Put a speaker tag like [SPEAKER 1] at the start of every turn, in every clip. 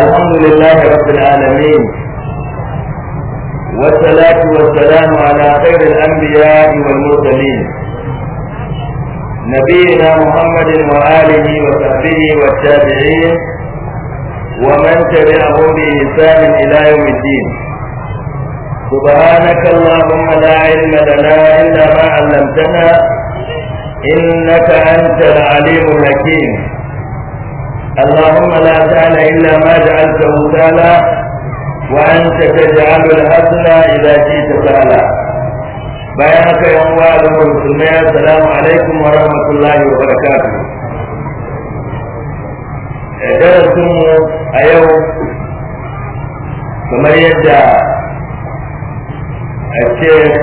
[SPEAKER 1] الحمد لله رب العالمين والصلاة والسلام على خير الأنبياء والمرسلين نبينا محمد وآله وصحبه والتابعين ومن تبعه بإحسان إلى يوم الدين سبحانك اللهم لا علم لنا إلا ما علمتنا إنك أنت العليم الحكيم اللهم لا سهل إلا ما جعلته سهلا وأنت تجعل الحزن إذا جئت سهلا بيانك يا أموال المسلمين السلام عليكم ورحمة الله وبركاته درسنا اليوم كما يدعى الشيخ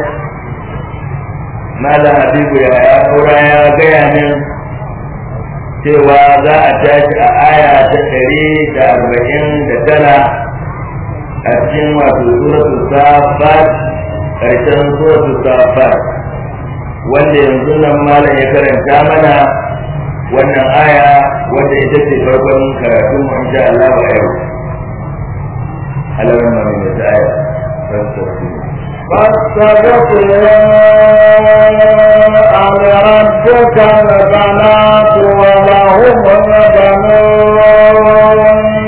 [SPEAKER 1] مالا حبيب يا أورا يا بيانين cewa za a tashi a aya ta ɗari da arba'in da tara a cikin wato suratul safat ƙarshen suratul safat wanda yanzu nan malam ya karanta mana wannan aya wanda ya tafi farkon karatun mu insha Allah a yau. Alamun mai da aya.
[SPEAKER 2] فاستبق أمر ربك البنات ولهم البنون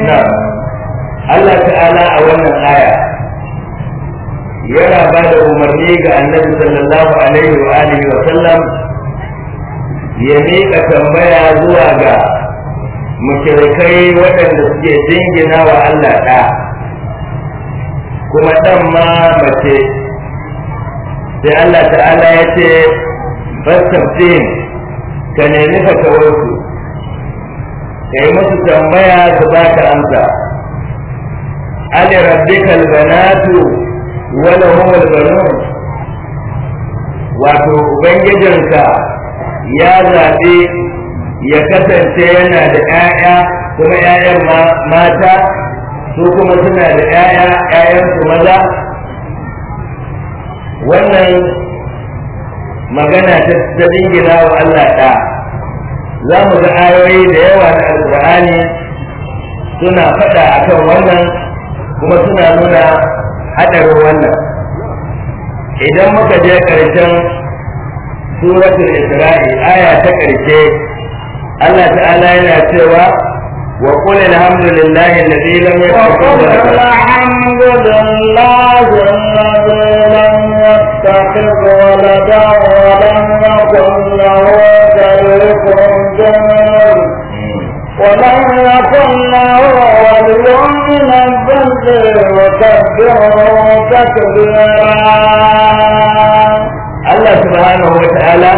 [SPEAKER 2] نعم الله تعالى أولا الآية
[SPEAKER 1] yana ba da umarni ga annabi sallallahu alaihi wa alihi wa sallam ya miƙa tambaya zuwa ga mushrikai waɗanda suke dingina wa Allah ɗa kuma ɗan ma mace sai Allah ta'ala ya ce jin ka nemi ka su. ka yi musu tambaya su ba ka amsa ali rabbika wani homer banon wato ubangijinka ya zaɓi ya kasance yana da 'ya'ya kuma 'ya'yan mata su kuma suna da 'ya'ya su maza wannan magana ta dingina wa Allah ta za mu ga ayoyi da yawa na alƙur'ani suna faɗa a kan wannan kuma suna nuna haɗarin wannan idan muka je ƙarshen suratul isra'i aya ta ƙarshe Allah ta'ala yana cewa وقل الحمد لله الذي لم يكن وقل الحمد
[SPEAKER 2] لله الذي لم يتخذ ولدا ولم يكن له شريك جميل ولم يكن له ولي من الذل وكبره تكبيرا الله سبحانه وتعالى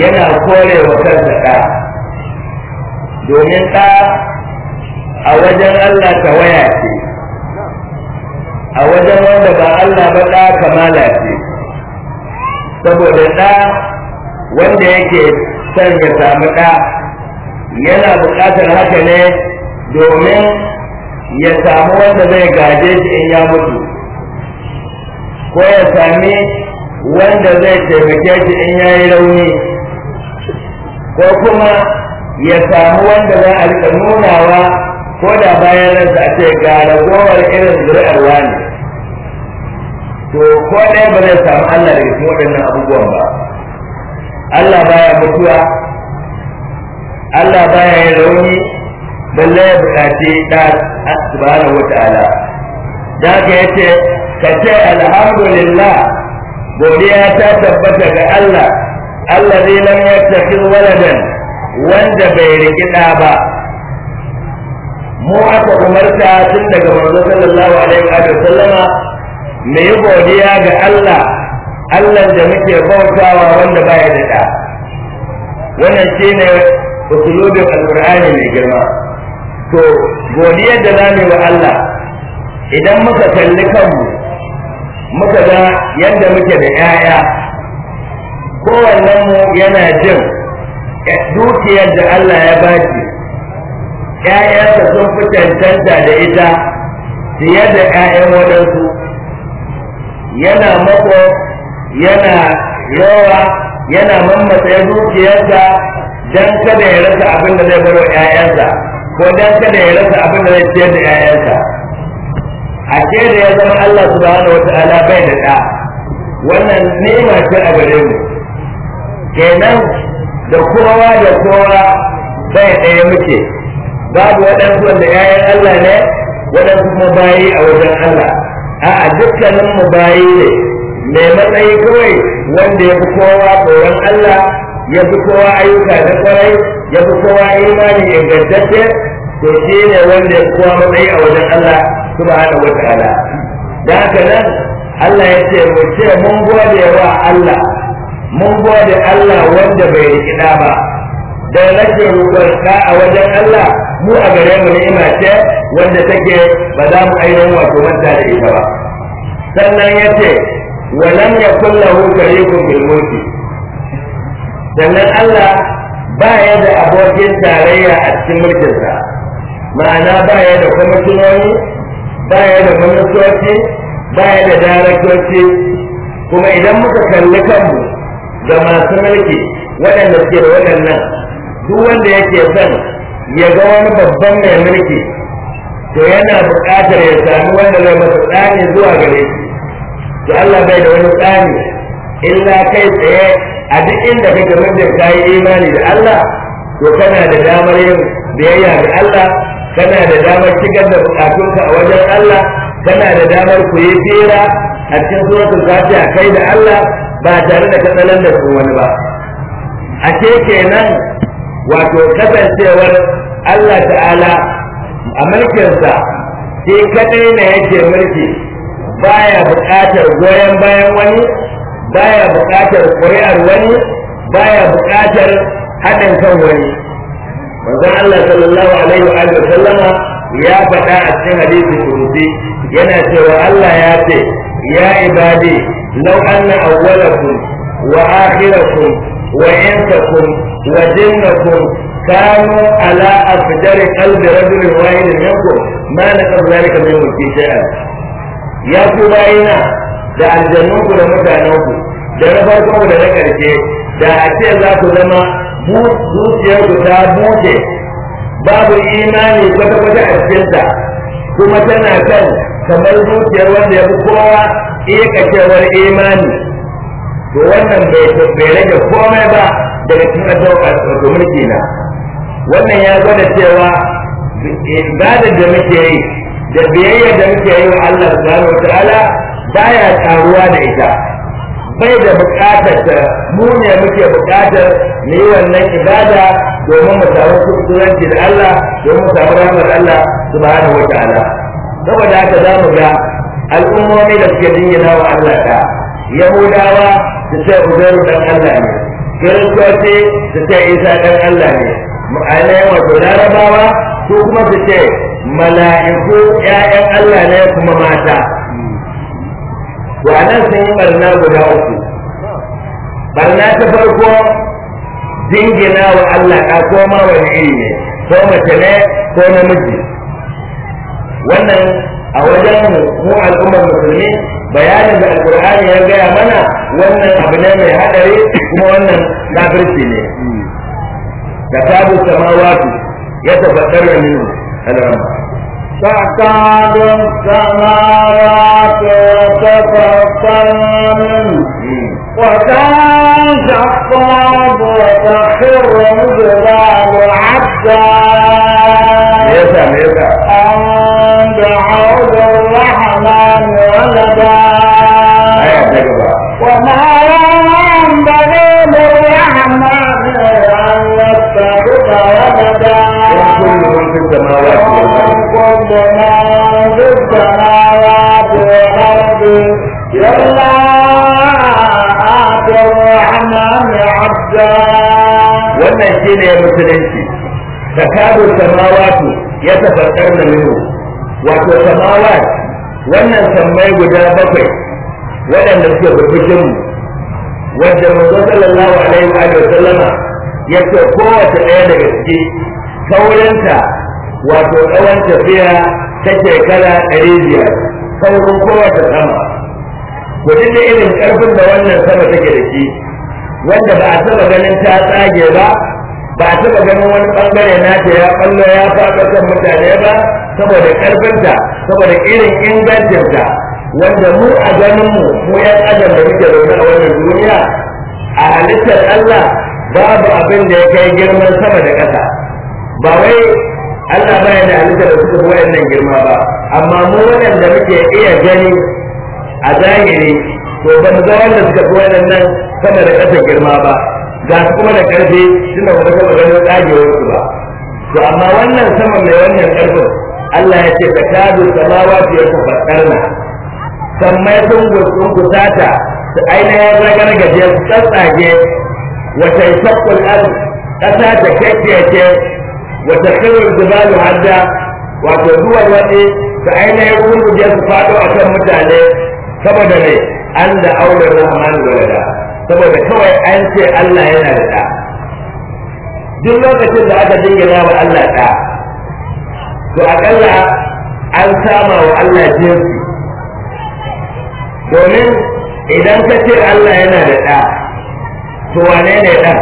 [SPEAKER 1] ينا كوري وكذا دون ɗa أوجد الله تواياتي a wajen wanda ba Allah ba ɗa kamala ce saboda ɗa wanda yake son ya samu ɗa yana buƙatar haka ne domin ya samu wanda zai gaje shi in ya mutu ko ya sami wanda zai taimake shi in ya yi rauni ko kuma ya samu wanda za a nunawa ko da bayan ransa a ce ga ragowar irin zuri'ar wani to ko ɗaya ba zai samu Allah daga cikin waɗannan abubuwan ba Allah baya mutuwa Allah baya yin rauni balle ya buƙaci ɗa subhanahu wata'ala da aka yi ce ka ce alhamdulillah godiya ta tabbata ga Allah Allah zai lam yattakhidh waladan wanda bai riki ɗa ba mu aka umarta tun daga manzo sallallahu alaihi wa sallama mu yi godiya ga Allah Allah da muke bautawa wanda baya da da wannan shine usulubin alqur'ani mai girma to godiyar da zamu wa Allah idan muka kalli kanmu muka ga yadda muke da 'ya'ya kowannen mu yana jin dukiyar da Allah ya baki. ƴaƴansa sun fi cancanta da ita fiye da ƴaƴan waɗansu yana mako yana yawa yana mammata ya dukiyarsa don kada ya rasa abin da zai bar ƴaƴansa ko don kada ya rasa abin da zai ciyar da ƴaƴansa a da ya zama Allah subhanahu wataala bai da ɗa wannan nema ce a gare mu kenan da kowa da kowa bai ɗaya muke babu waɗansu wanda ƴaƴan Allah ne waɗansu kuma bayi a wajen Allah a'a dukkanin mu bayi ne mai matsayi kawai wanda ya fi kowa tsoron Allah ya fi kowa ayyuka da kwarai ya fi kowa imani ingantacce to shi ne wanda ya fi kowa matsayi a wajen Allah subhanahu wata ala, da haka nan Allah ya ce mu ce mun gode wa Allah mun gode Allah wanda bai rikida ba da nake roƙon a wajen Allah mu a gare mu ni'ima ce wanda take ba za mu ainihin wato manta da ita ba sannan yace ce wa lam yakul lahu sharikun bil mulki sannan Allah ba ya da abokin tarayya a cikin mulkinsa ma'ana ba ya da tunani ba ya da ministoci ba ya da daraktoci kuma idan muka kalli kanmu da masu mulki waɗanda suke da waɗannan duk wanda yake son ya ga wani babban mai mulki to yana buƙatar ya sami wanda zai masa tsani zuwa gare shi to Allah bai da wani tsani illa kai tsaye a duk inda kake mutum kayi imani da Allah to kana da damar yin biyayya ga Allah kana da damar cikar da buƙatunka a wajen Allah kana da damar ku yi fira a cikin suratul fatiha kai da Allah ba tare da katsalan da wani ba a ke kenan wato kasancewar Allah ta'ala a mulkinsa shi kadai ne yake mulki baya buƙatar goyon bayan wani baya buƙatar ƙuri'ar wani baya buƙatar haɗin kan wani manzon Allah sallallahu alaihi wa sallama ya faɗa a cikin hadisi kudusi yana cewa Allah ya ce ya ibadi law anna awwalakum wa akhirakum wa وجنكم كانوا على أفجار قلب رجل واحد منكم ما نقض ذلك من ملكي شيئا يا كبائنا da aljannunku da mutanenku da na farko da na ƙarshe da a ce za ku zama zuciyarku ta buce babu imani kwata-kwata a cikinta kuma tana kan kamar zuciyar wanda ya fi kowa iya kacewar imani to wannan bai rage komai ba daga cikin addu'a wato mulki na wannan ya gwada cewa ibada da muke yi da biyayya da muke yi wa Allah subhanahu wa baya taruwa da ita bai da bukatar ta mu ne muke bukatar mu yi wannan ibada domin mu samu kusanci da Allah domin mu samu rahmar Allah subhanahu wa ta'ala saboda haka za mu ga al'ummomi da suke dingina wa Allah ta yahudawa da sai uzairu dan Allah ne gaisuwa ce da ta isa dan Allah ne ma'ana yawa to larabawa su kuma su ce mala'iku ƴaƴan Allah ne kuma mata to anan sun yi barna guda uku barna ta farko jingina wa Allah ka koma wani iri ne ko mace ne ko namiji wannan a wajen mu al'ummar musulmi bayanin da alkur'ani ya gaya mana wannan abu ne mai hadari kuma wannan kafirci ne da tabu samawati ya tabbatar da minhu al'amma
[SPEAKER 2] تعتاد السماوات وتتفطرن منه وتنشق الارض وتخر الجبال حتى أن دعا مخلدا آه، آه،
[SPEAKER 1] آه.
[SPEAKER 2] وما ينبغي للرحمن أن يتخذ ولدا
[SPEAKER 1] وكل في السماوات والأرض
[SPEAKER 2] من في السماوات والأرض إلا آتي الرحمن عبدا
[SPEAKER 1] wannan shi ne musulunci da kado samawatu ya tafarkar da minhu wannan sammai guda bakwai waɗanda suke burbushin mu wanda manzo sallallahu alaihi wa sallama ya ce kowace ɗaya daga ciki kaurinta wato tsawon tafiya ta shekara ɗari biyar saurin kowace sama ku duk irin ƙarfin da wannan sama take da shi wanda ba a taɓa ganin ta tsage ba ba a taɓa ganin wani ɓangare na ta ya ɓallo ya faɗa kan mutane ba saboda ƙarfinta saboda irin ingancinta wanda mu a ganinmu mu ‘yan adam da muke zaune a wannan duniya a halittar Allah babu abin da ya kai girman sama da ƙasa ba wai Allah ba ya da halittar da suka wayannan girma ba amma mu waɗanda muke iya gani a zahiri to ban ga wanda suka fi nan sama da ƙasa girma ba ga su kuma da karfe suna wata kuma ganin tsagewar su ba to amma wannan saman mai wannan karfin Allah ya ce ka tabi samawa fi kuma karna sammai sun gurgun kusata su aina ya gajiyar su tsatsage wata isakkul al kasa ta kakkece wata kirin zubalu hadda wato duwar wani su aina ya gurguje su fado kan mutane saboda ne an da auren rahman walada saboda kawai an ce Allah yana da ɗa duk lokacin da aka jingina wa Allah ɗa to kalla an sama wa Allah jinsi domin idan ka ce Allah yana da ɗa to wane ne ɗan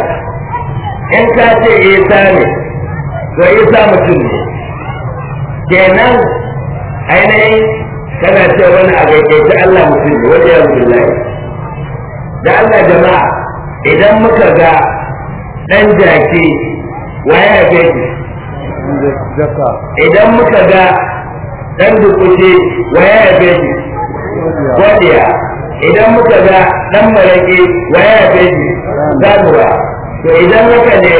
[SPEAKER 1] in ka ce isa ne to isa mutum ne kenan ainihin kana ce wani a gaggaice Allah mutum ne wani ya mutum da Allah jama'a idan muka ga ɗan jaki waye ya shi idan muka ga ɗan dukuce waye ya shi godiya idan muka ga ɗan maraƙi, waye ya shi zamuwa to idan haka ne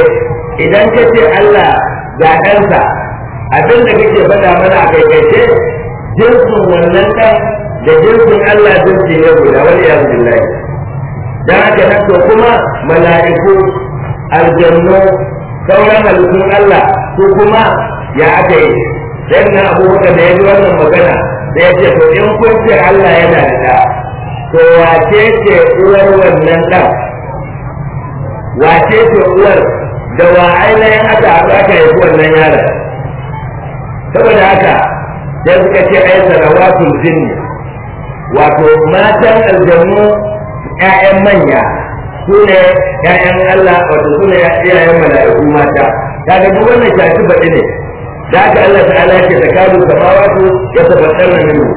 [SPEAKER 1] idan ka ce Allah ga ɗansa abin da kake faɗa mana a kai kai ce jinsin wannan ɗan da jinsin Allah jinsi ne guda wani yanzu da haka nan to kuma mala'iku aljannu sauran halittun Allah su kuma ya aka yi dan na abubakar da ya ji wannan magana da ya ce to in kun ce Allah yana da ɗa to wace ce uwar wannan ɗan wace ce uwar da wa ainihin aka haɗu aka yi wannan yaron saboda haka sai suka ce ai sarawatul jinni wato matan aljannu Ya'yan manya su ne ‘ya’yan Allah wato su ne ‘ya’yan mala'iku mata kaga duk wannan shafi baɗi ne da aka Allah ta'ala ke ce zakatu su ya saba minhu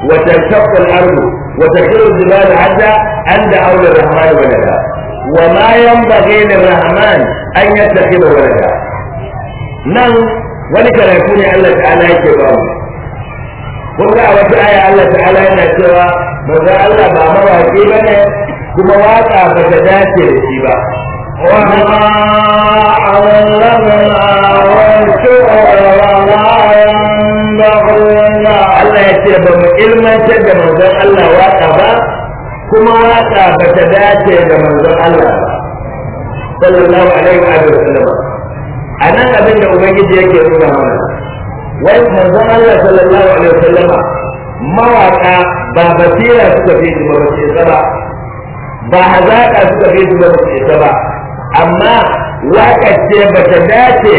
[SPEAKER 1] Wata tanshaqqu al wata wa takhirru al-jibalu hadda an aure rahman wa daga wa ma bage da rahman an wa daga nan wani karatu ne Allah ta'ala yake ba mu kun ga a wata aya Allah ta'ala yana cewa manzo Allah ba mawaki bane kuma waka ba ta dace da shi ba وما
[SPEAKER 2] علمنا والشعر وما ينبغي
[SPEAKER 1] Allah ya ce ba mu ilmantar da manzon Allah waka ba kuma waka ba ta dace da manzon Allah sallallahu alaihi wa sallam nan abin da ubangiji yake nuna mana wai manzon Allah sallallahu alaihi wasallama mawaka ba basira suka fi shi ba ba ba ba hazaƙa suka fi shi ba ba ce ba amma waƙar ba ta dace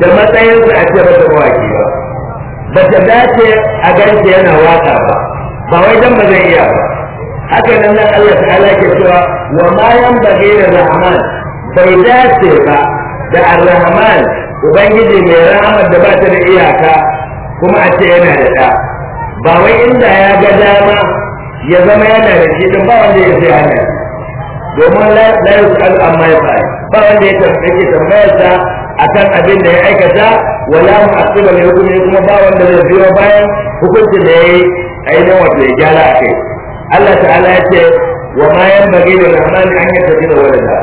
[SPEAKER 1] da matsayinsa a ce mata mawaƙi ba ba ta dace a ganke yana waƙa ba ba wai dan ba zai iya ba haka nan nan Allah ta'ala ke cewa wa ma yanbaghi lir rahman bai dace ba da ar-rahman ubangiji mai rahamar da ba ta da iyaka kuma a ce yana da ɗa ba wai inda ya ga dama ya zama yana da shi ba wanda ya sai hanya domin la yus'al amma ya ba wanda ya tambaye tambayar sa akan abin da ya aikata wala a mu'assiba mai hukumi kuma ba wanda zai biyo bayan hukuncin da ya yi a yi ainihin wato ya gyara a kai Allah ta'ala ya ce wa ma bagi da rahmani an da walada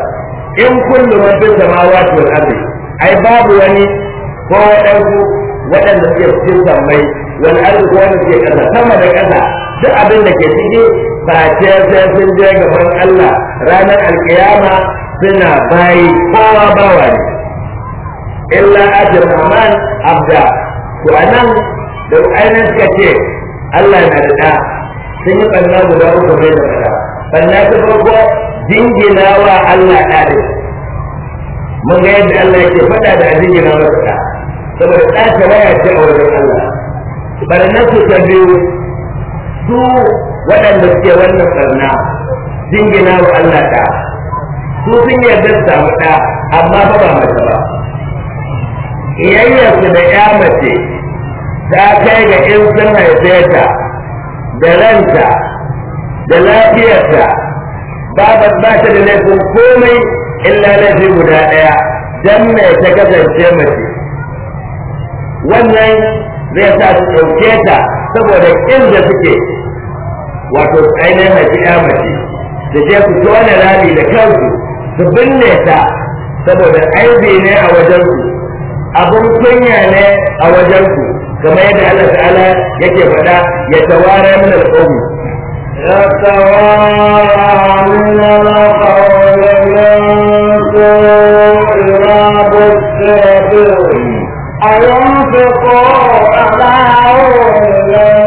[SPEAKER 1] in kullu man fis samawati ta wani ai babu wani ko ku waɗanda suke cikin sammai wani ko wani suke ƙasa sama da kasa, duk abin da ke ciki ba sai sun je gaban Allah ranar alkiyama suna bayi kowa bawa ne illa ajin rahman abda to anan da ainihin suka ce Allah na da ɗa sun yi ɓanna guda uku mai da ɓanna ta farko jingina wa Allah ɗa mun ga yadda Allah yake faɗa da addini na wasa saboda tsaka waya ce a wurin Allah barnar su ta biyu su waɗanda suke wannan sun jingina wa Allah ta su sun yarda su samu ɗa amma ba ba mace ba iyayyarsu da ya mace ta kai ga in sun haife da ranta da lafiyarta ba ba ta da laifin komai illa laifi guda ɗaya dan me ta kasance mace wannan zai sa su ɗauke ta saboda inda suke wato ainihin haifi ya mace da je su tona rami da kansu su binne ta saboda aibi ne a wajensu abin kunya ne a wajensu kamar yadda Allah ta'ala yake faɗa ya tawara min al-qawm ya
[SPEAKER 2] tawara min al إلى بالجبين أينفقوا أمعهم لن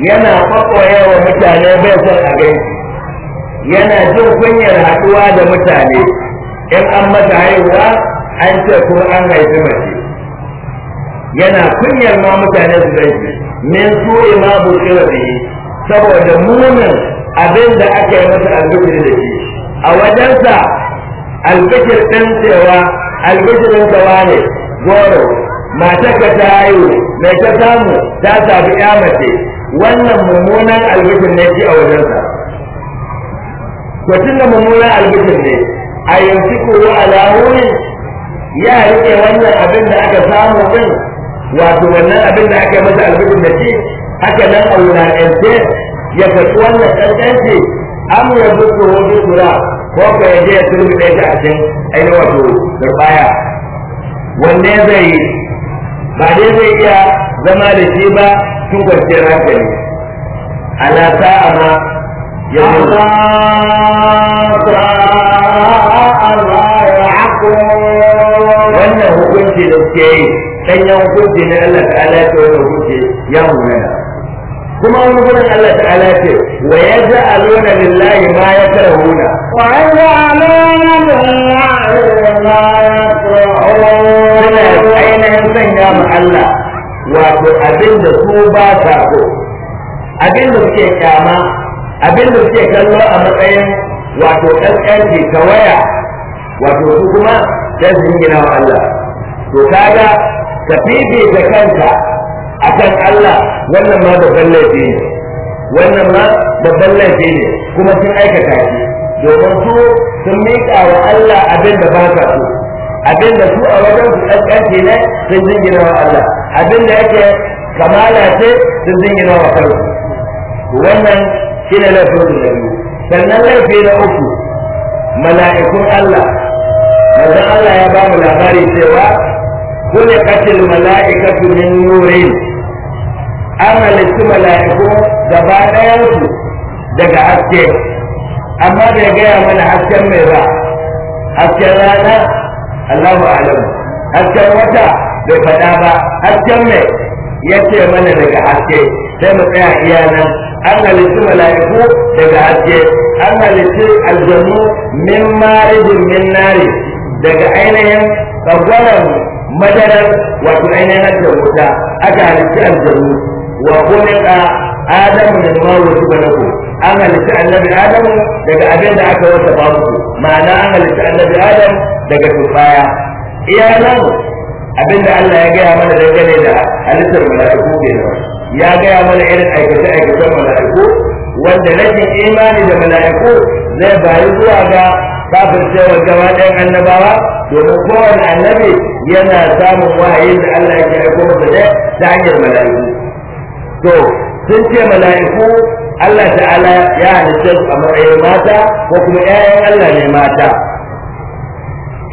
[SPEAKER 1] yana kwakwaya wa mutane bai son a gaishe yana jin kunyar haɗuwa da mutane in an mata haihuwa an ce ko an haifi mace yana kunyar ma mutane su gaishe min su'i ma bushira bihi saboda munin abin da aka yi masa albishir da shi a wajensa albishir ɗin cewa albishirin sawa ne goro matarka ta haihu mai ta samu ta sabi ya mace wannan mummunan albishir ne shi a wajensa to da mummunan albishir ne a yanzu kuwa alawuni ya rike wannan abin da aka samu din wato wannan abin da aka masa albidin da shi haka nan a wulaƙance ya karɓi wannan ƙanƙanci an ya zuku robi tura ko ka ya je ya turbi ɗaya ta cikin ainihin wato turbaya wanne zai yi ba dai zai iya zama da shi ba tun kwanciyar hankali ala sa'a ma ya wannan hukunci da suke yi danyen hukunci ne Allah ta'ala ya ce ya munana kuma wani gudun Allah ta'ala ya ce wa yaj'aluna lillahi ma yakrahuna wa
[SPEAKER 2] yaj'aluna lillahi ma yakrahuna
[SPEAKER 1] ainihin sanya ma Allah wato abinda su ba sa abinda suke kyama abinda suke kallo a matsayin wato ta waya wato su kuma sai wa Allah to kaga da fifita a kan Allah wannan ma babban laifi ne wannan ma babban laifi ne kuma sun aikata shi domin su sun miƙa wa Allah abin da ba ka so abin da su a wajen su ƙasƙanci ne sun jingina wa Allah abin da yake kamala ce sun jingina wa kansu wannan shi ne laifin da biyu sannan laifi na uku mala'ikun Allah Allah ya ba mu labari cewa Ku ne a cikin mala'ika su nurin? An su mala'iku da ba ɗaya daga aska. Amma bai gaya mana a can mai ba. A cikin ranar, alahu alahu, wata bai faɗa ba. A can mai ya ce mana daga aska. Sai mu kai a iya nan. An su mala'iku daga aska. An nali su aljamu min mari min nari daga ainihin ka madarar wato ainihin da wuta aka halitta aljanu wa kulika adamu da ma wasu balaku an halitta annabi adamu daga abin da aka wata babu ku ma'ana an halitta annabi adam daga iya nan abin da Allah ya gaya mana dangane da halittar mala'iku kenan ya gaya mana irin aikace-aikacen mala'iku wanda rashin imani da mala'iku zai bayi zuwa ga kafin cewa gaba ɗayan annabawa domin kowane annabi yana samun wahayin da Allah ya aiko masa da ta hanyar mala'iku to sun ce mala'iku Allah ta'ala ya halitta su a matsayin mata ko kuma ƴaƴan Allah ne mata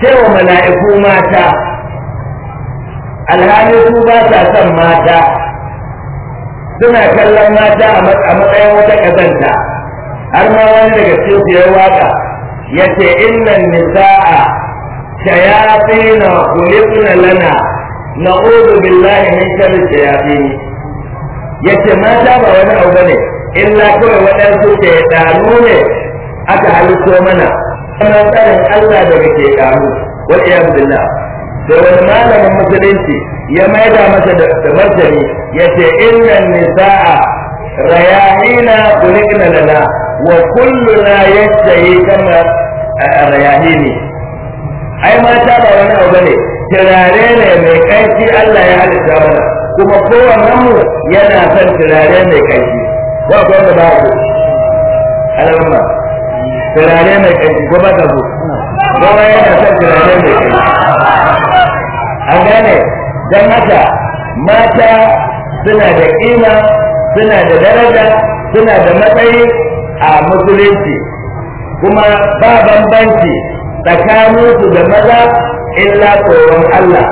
[SPEAKER 1] cewa mala'iku mata alhali su ba sa son mata suna kallon mata a matsayin wata kazanta har ma wani daga cikin su ya waka yace innan nisa'a shayatina kulibna lana na'udhu billahi min ya shayatin yace mata ba wani abu bane illa kawai waɗansu ke ɗanu ne aka halitto mana kuma tsarin Allah ke ɗanu wani ya billah da wani malamin musulunci ya maida masa da martani yace innan nisaa rayahina kulibna lana wa kulluna yashtahi kama rayahini ai mata ba wani abu bane turare ne mai kanshi Allah ya halitta mana kuma kowannen mu yana son turare mai kanshi ba ku wanda ba ku alamma turare mai kanshi ko ba ka ku kowa yana son turare mai kanshi an gane don haka mata suna da kima suna da daraja suna da matsayi a musulunci kuma ba bambanci tsakaninsu da maza illa tsoron Allah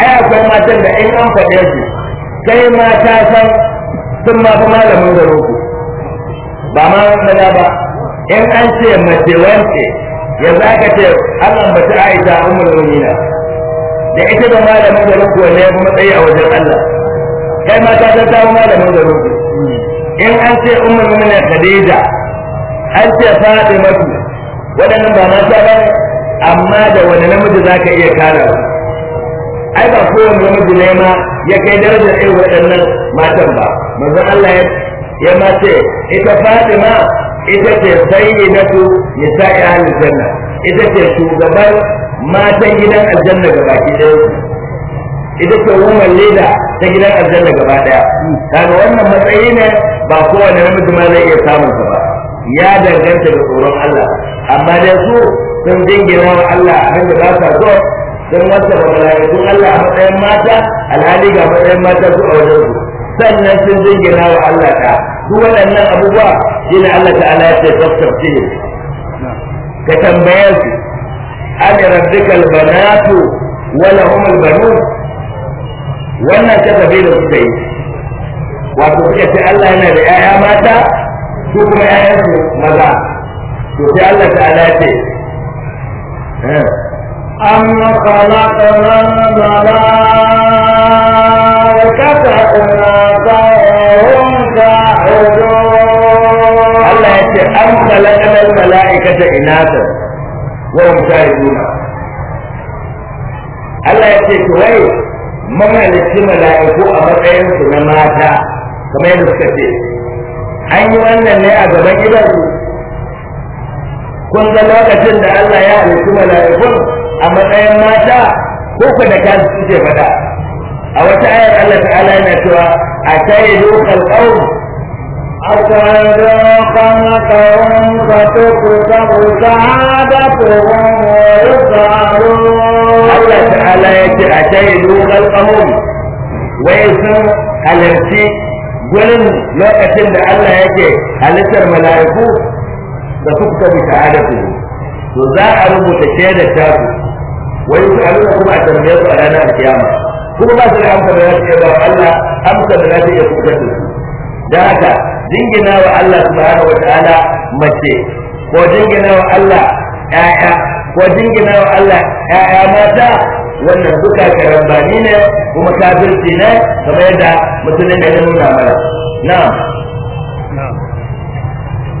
[SPEAKER 1] ai akwai matan da in an faɗe su kai ma ta san sun ma fi malamin garo ku ba ma maza ba in an ce mace wance za ka ce an ambaci Aisha ummul na da ita da malamin garo ku ne kuma tsaye a wajen Allah kai ma ta san ta fi malamin garo ku in an ce ummul mu'minin Khadija an ce mafi. waɗannan ba mata ba amma da wani namiji za ka iya kara ba ai ba kowane namiji ne ma ya kai darajar irin waɗannan matan ba Maza Allah ya ma ce ita Fatima ita ce sayyidatu ya halin janna ita ce shugaban matan gidan aljanna baki ɗaya ita ce woman leda ta gidan aljanna gaba ɗaya daga wannan matsayi ne ba kowane namiji ma zai iya samun ba ya danganta da tsoron Allah amma da su sun jingina wa Allah abin da ba sa so sun wasa wa mala'ikun Allah a matsayin mata alhali ga matsayin mata su a wajen su sannan sun jingina wa Allah ta duk waɗannan abubuwa shine Allah ta'ala ya ce fasafci ka tambaye su an rabbika albanatu wa lahum albanun wannan tafi da suka yi wato suka ce Allah yana da 'ya'ya mata su kuma 'ya'yansu maza to sai Allah ta alace
[SPEAKER 2] an na kala kala na mala kata kala ta hun ka hudu Allah
[SPEAKER 1] ya ce an kala kala kala ina ta wani ta yi nuna Allah ya ce su rai mamalici mala'iku a matsayinsu na mata kamar yadda suka ce an yi wannan ne a gaban gidansu kun ga lokacin da Allah ya halitta mala'ikun a matsayin mata ko ku da kasu suke faɗa a wata ayar Allah ta'ala yana cewa a tayi lokal qaum أفرجا
[SPEAKER 2] خلقهم فتكتب شهادتهم ويسألون الله تعالى
[SPEAKER 1] يأتي أشهدوا خلقهم ويسأل halarci gurin lokacin da Allah yake halittar mala'iku da fuska bi shahadatu to za a rubuta shaidar tasu wani su aluna kuma a tambaye su a ranar kiyama kuma ba su da amsa da za su iya ba Allah amsa da za ya iya fuskar da su da haka dingina wa Allah subhanahu wa ta'ala mace ko dingina wa Allah 'ya'ya ko dingina wa Allah ƴaƴa mata wannan duka karambani ne kuma kafirci ne kamar yadda musulmi ne nuna mana na'am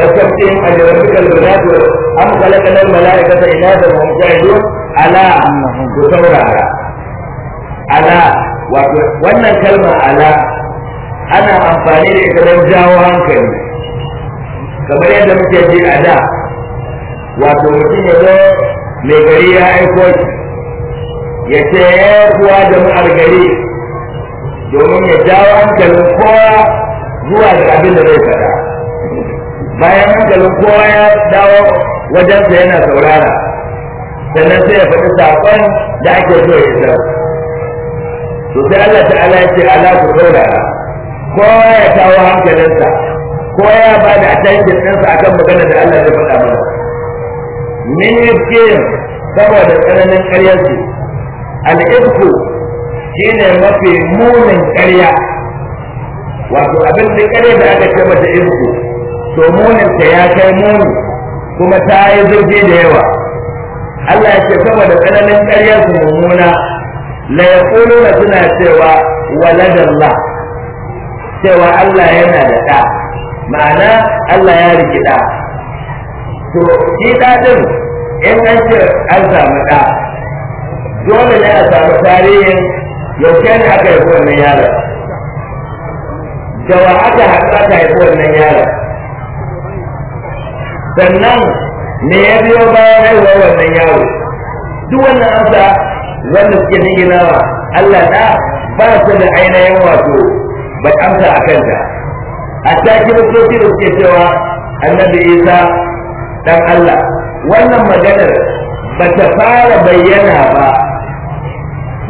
[SPEAKER 1] فاستفتهم أجرتك ina أم خلقنا الملائكة إناثا وهم شاهدون على كثورة على wannan kalmar ala ana amfani da ita don jawo hankali kamar yadda muke ji a da wato mutum ya zo mai gari ya aiko ya ce ya kuwa jama'ar gari domin ya jawo hankalin kowa zuwa ga abinda zai faɗa bayan hankalin kowa ya dawo wajensa yana saurara sannan sai ya faɗi saƙon da ake so ya isar to sai Allah ta'ala ya ce ala ku saurara kowa ya kawo hankalinsa kowa ya ba da attention ɗinsa akan magana da Allah ya faɗa mana min yafkiyin saboda tsananin ƙaryarsu al'ifku ne mafi munin ƙarya wato abin da ƙarya da aka kama da ifku to ta ya kai muni kuma ta yi zurfi da yawa Allah ya ce saboda tsananin ƙaryar su mummuna la yaquluna suna cewa waladallah cewa Allah yana da ɗa ma'ana Allah ya riki ɗa to shi ɗa in an ce an samu ɗa dole ne a samu tarihin yaushe ne aka yi wannan yaron da wa aka haɗu aka yi wannan yaron sannan me ya biyo bayan haihuwar wannan yaro duk wannan amsa wanda suke jinginawa Allah da ba su da ainihin wato bai amsa a kanta a cikin sosai da suke cewa annabi isa dan Allah wannan maganar ba ta fara bayyana ba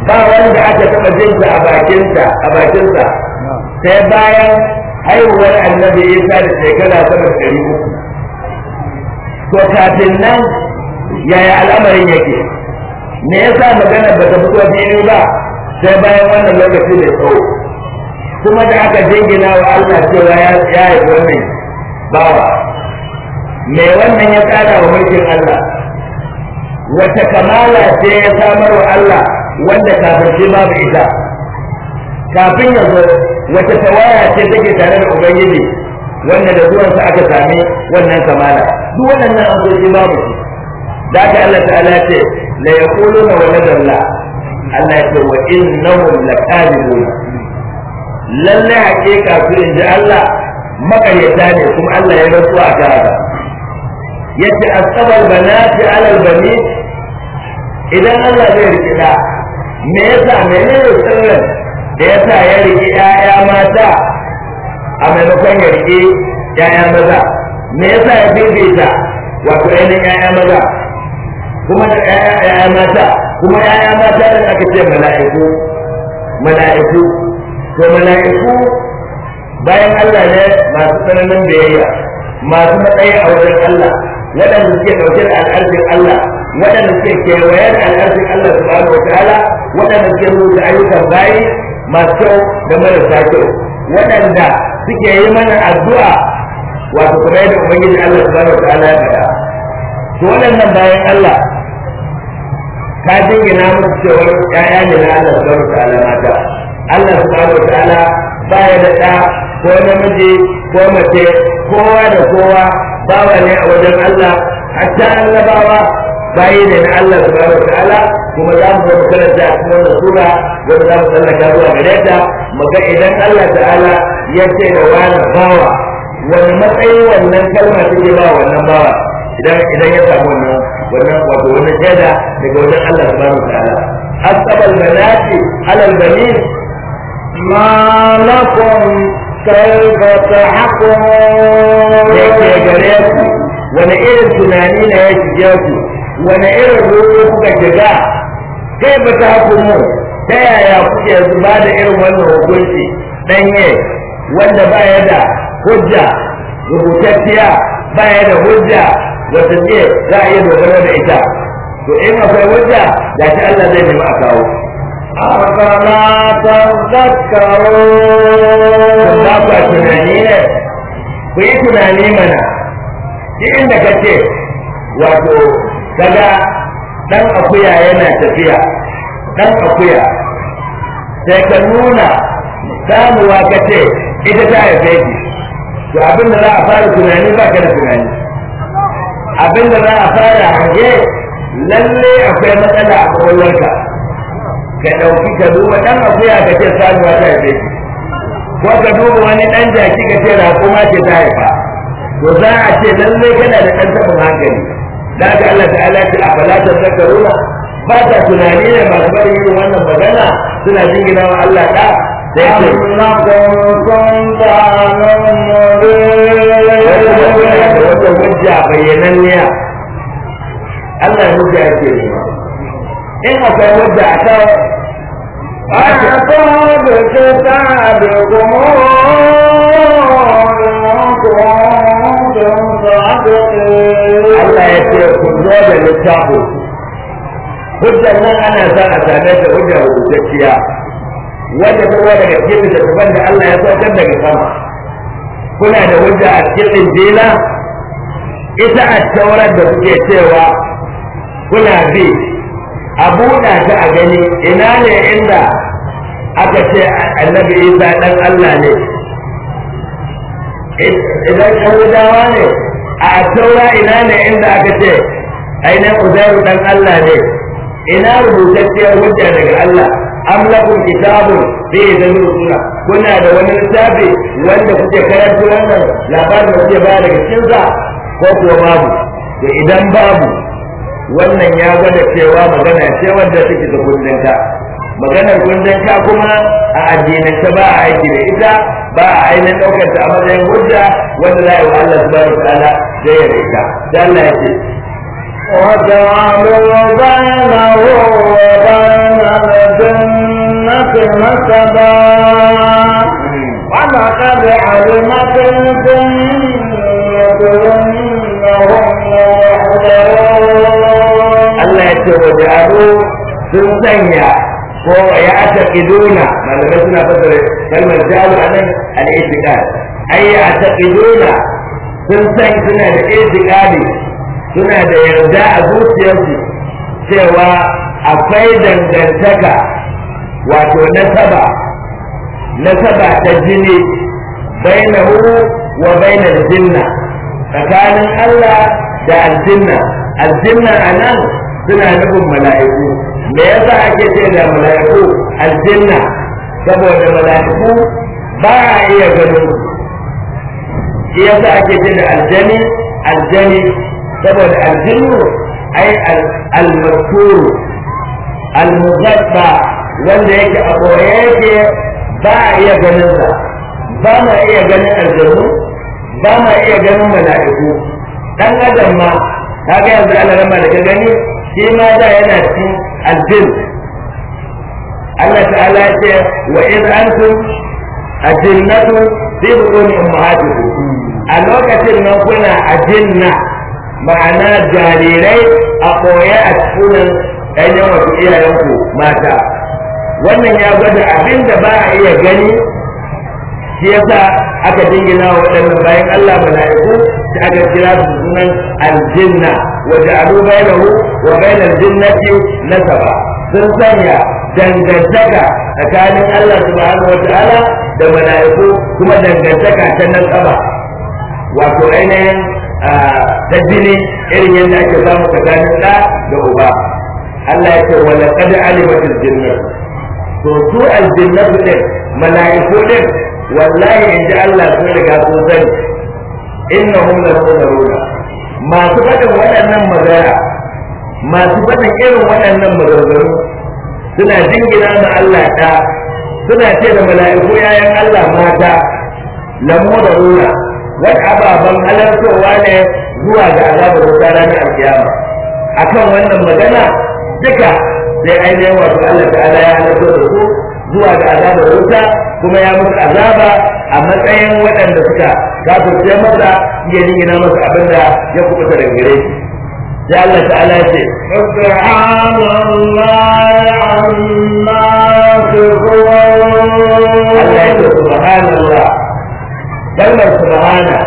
[SPEAKER 1] ba wanda aka taɓa jinsa a bakinsa a bakinsa sai bayan haihuwar annabi isa da shekara sama da ɗari to kafin nan yaya al'amarin yake me yasa magana ba ta fito fili ba sai bayan wannan lokaci mai tsawo kuma da aka jingina wa Allah cewa ya ya yi wannan bawa me wannan ya kada wa mulkin Allah wata kamala ce ya samar wa Allah wanda kafin shi babu ita kafin ya zo wata tawaya ce take tare da ubangiji wanda da zuwansa aka sami wannan kamala duk wannan waɗannan amsoshi babu shi da ka Allah ta'ala ce la yaquluna wa nadalla Allah ya ce wa innahum lakadibun lalle hakika su ji Allah makaryata ne kuma Allah ya rasu a kaza yace asabal banati alal bani idan Allah zai rike da me yasa menene sirrin da yasa ya rike 'ya'ya mata a maimakon ya rike ‘ya’ya maza me yasa ya fifita wato ainihin ‘ya’ya maza kuma da ƴaƴa mata kuma ‘ya’ya mata da aka ce mala'iku mala'iku to mala'iku bayan Allah ne masu tsananin biyayya masu matsayi a wajen Allah waɗanda suke ɗauke da al'arfin Allah waɗanda suke kewaye da al'arfin Allah subhanahu wa ta'ala waɗanda suke rubuta ayyukan bayi masu kyau da marasa kyau waɗanda suke yi mana addu'a wato kuma yadda ubangiji Allah subhanahu wataala ya faɗa to waɗannan bayan Allah ka jingina musu cewa ƴaƴa ne na Allah subhanahu wataala mata Allah subhanahu wataala baya da ɗa ko namiji ko mace kowa da kowa bawa ne a wajen Allah hatta annabawa bayi ne na Allah subhanahu ta'ala kuma za mu zama karanta a cikin wannan sura
[SPEAKER 2] wanda za mu tsallaka zuwa gare ta mu ga idan Allah ta'ala ya ce da wani bawa wani matsayi wannan kalma take
[SPEAKER 1] ba wannan bawa idan idan ya samu wannan wannan wato wannan jada daga wajen Allah
[SPEAKER 2] subhanahu wataala asabal manati alal banin ma lakum kaifa tahqun yake gare ku
[SPEAKER 1] wani irin tunani ne ya shige ku wani irin ruwa kuka shiga kai ba ta hukumu ta yaya kuke zuba da irin wannan hukunci ɗanye wanda ba ya da hujja rubutacciya ya da hujja wata ce za a iya dogara da ita to in akwai hujja da shi Allah zai nemi a kawo أفلا تذكرون tunani تنانين tunani mana. منا في إنك wato kaga dan akuya yana tafiya dan akuya sai ka nuna samuwa ka ce ita ta haife ki to abin da za a fara tunani ba ka da tunani
[SPEAKER 3] abin da za a fara hange
[SPEAKER 1] lalle akwai matsala a kwallonka ka ɗauki ka duba ɗan akuya ka ce samuwa ta haife ki ko ka duba wani ɗan jaki ka ce raƙuma ce ta haifa to za a ce lalle kana da ɗan taɓa hankali da haka Allah ta'ala ce a falatar zakaruna ba ta tunani ne masu barin irin wannan magana suna
[SPEAKER 2] jingina wa Allah da da ya ce wata
[SPEAKER 1] hujja bayyananniya Allah ya hujja yake nema
[SPEAKER 2] in akwai hujja a ta أعطاب كتابكم إن كنتم صادقين zo da
[SPEAKER 1] littafin hujjar nan ana sa a same ta hujjar rubutacciya wanda kuma daga cikin littattafan da Allah ya saukar daga sama kuna da hujja a cikin injila ita a taurar da kuke cewa kuna bi a buɗa ta a gani ina ne inda aka ce annabi isa ɗan Allah ne idan yahudawa ne a taura ina ne inda aka ce aina uzairu dan Allah ne ina rubutacciyar hujja daga Allah am lakum kitabun zai kuna da wani littafi wanda kuke karanta wannan labarin da kuke ba daga cikin sa ko kuwa babu to idan babu wannan ya gwada cewa magana ce wanda take da kundin maganar kundin kuma a addinin ta ba a aiki da ita ba a ainihin daukar ta a matsayin hujja wanda za a yi wa Allah subhanahu wa ta'ala zai yi da Allah ya ce
[SPEAKER 2] وجعلوا بينه وبين الجنة نسبا ولقد علمت Allah ya ce wajen abu
[SPEAKER 1] sun sanya ko ya ata iduna malamai suna fasara kalmar jawo a nan al'ishikar ai ya ata iduna sun sanya suna da ishikari suna da yarda a zuciyarsu cewa akwai dangantaka wato nasaba nasaba ta jini bainahu wa baina jinna tsakanin Allah da aljinna aljinna nan suna nufin mala'iku me yasa ake ce da mala'iku aljinna saboda mala'iku ba a iya ganin shi yasa ake ce da aljani aljani saboda aljinnu ai al-makuru al-muzabba wanda yake a boye yake ba a iya ganin sa ba ma iya ganin aljannu ba ma iya ganin mala'iku dan adam ma kaga yanzu Allah rama da gani shi ma da yana cikin aljin Allah ta'ala ya ce wa in antum ajinnatu fi bukuni ummahatikum a lokacin nan kuna ajinna ma'ana jarirai a koya a cikin ɗanyen wasu iyayenku mata wannan ya gwada abinda ba a iya gani shi yasa aka dingina wa waɗannan bayan Allah mala'iku ta aka kira su sunan aljinna wa ja'alu bainahu wa bainal jinnati nasaba sun sanya dangantaka tsakanin Allah subhanahu wa ta'ala da mala'iku kuma dangantaka ta nasaba wato ainihin da jini irin yadda ake samu tsakanin da da uba Allah ya ce wa kada alimatil jinnah to su aljinnatu din mala'iku din wallahi in ji Allah sun riga sun sani innahum la rura. masu fadin waɗannan magana masu fadin irin waɗannan maganganu suna jingina ma Allah ta suna ce da mala'iku yayan Allah mata lamu da rura wani ababen halartowa ne zuwa ga azabar wuta ranar alkiyama kan wannan magana duka sai ainihin wasu Allah ta'ala ya halarto da su zuwa ga azabar wuta kuma ya musu azaba a matsayin waɗanda suka kafirce masa iya jingina masa abin da ya kubuta da gare shi sai Allah ta'ala ya ce
[SPEAKER 2] amma Allah
[SPEAKER 1] ya ce subhanallah kalmar subhana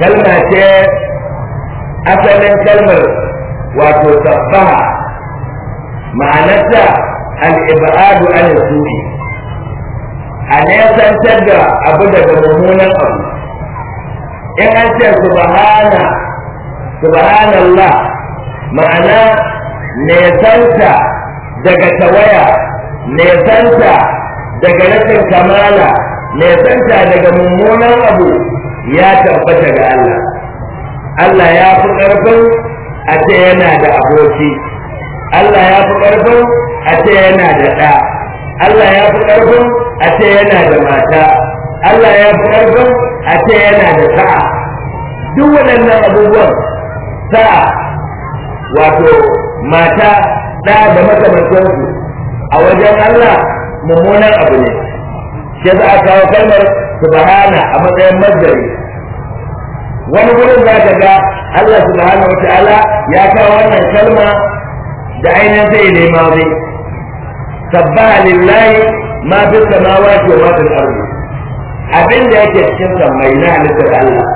[SPEAKER 1] kalma ce asalin kalmar wato sabbaha ma'anarta al-ibadu an su'i a nesantar da abu daga mummunan abu in an ce subhana subhanallah ma'ana nesanta daga tawaya nesanta daga rashin kamala mai santa daga mummunan abu ya tabbata ga Allah Allah ya fi ƙarfin a ce yana da aboki Allah ya fi ƙarfin a ce yana da ɗa Allah ya fi ƙarfin a ce yana da mata Allah ya fi ƙarfin a ce yana da sa'a duk waɗannan abubuwan sa'a wato mata ɗa da makamantansu a wajen Allah mummunan abu ne shi za a kawo kalmar subhana a matsayin mazdari wani gurin za ka ga Allah subhanahu wa ya kawo wannan kalma da ainihin zai nema zai sabbaha lillahi ma fi samawati wa ma fil ardi abin da yake cikin sammai na halittar Allah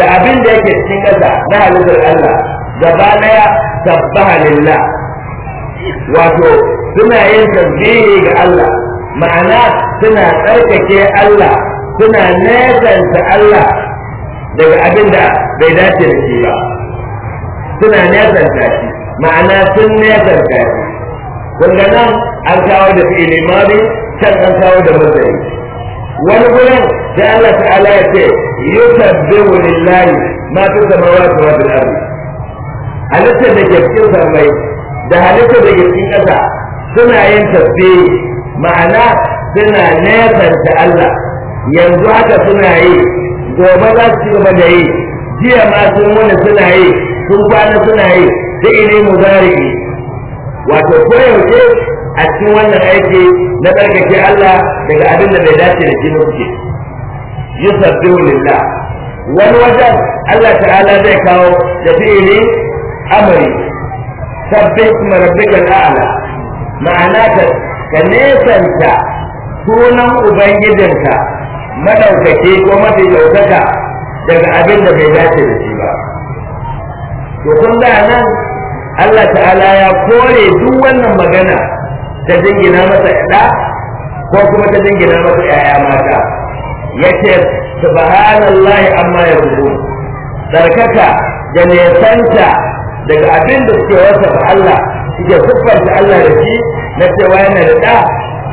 [SPEAKER 1] da abin da yake cikin ƙasa na halittar Allah gaba daya sabbaha lillah wato suna yin tasbihi ga Allah ma'ana suna tsarkake Allah suna nesanta Allah daga abin da bai dace da shi ba suna nesanta shi ma'ana sun nesanta shi kun nan an kawo da fi'ili mari can an kawo da mazari wani gurin sai Allah ta'ala ya ce yusabbihu lillahi ma fi samawati wa fil ardi halittar da ke cikin sammai da halittar da ke cikin kasa suna yin tasbihi ma'ana suna da Allah yanzu haka suna yi gobe za su gaba da yi jiya ma sun wani suna yi sun kwana suna yi ile mu zariki wato koyaushe a cikin wannan aiki na tsarkake Allah daga abin da bai dace da shi suke yusabbihu lillah wani wajen Allah ta'ala zai kawo da fi'ili amri sabbih isma rabbikal a'la ma'ana ka nesanta sunan ubangijinka madaukake ko mafi daukaka daga abin da bai dace da shi ba to kun da nan Allah ta'ala ya kore duk wannan magana ta jingina masa ɗa ko kuma ta jingina masa ‘ya'ya mata yace subhanallahi amma ya rubu tsarkaka da nesanta daga abin da suke wasa Allah suke siffanta Allah da shi na cewa yana da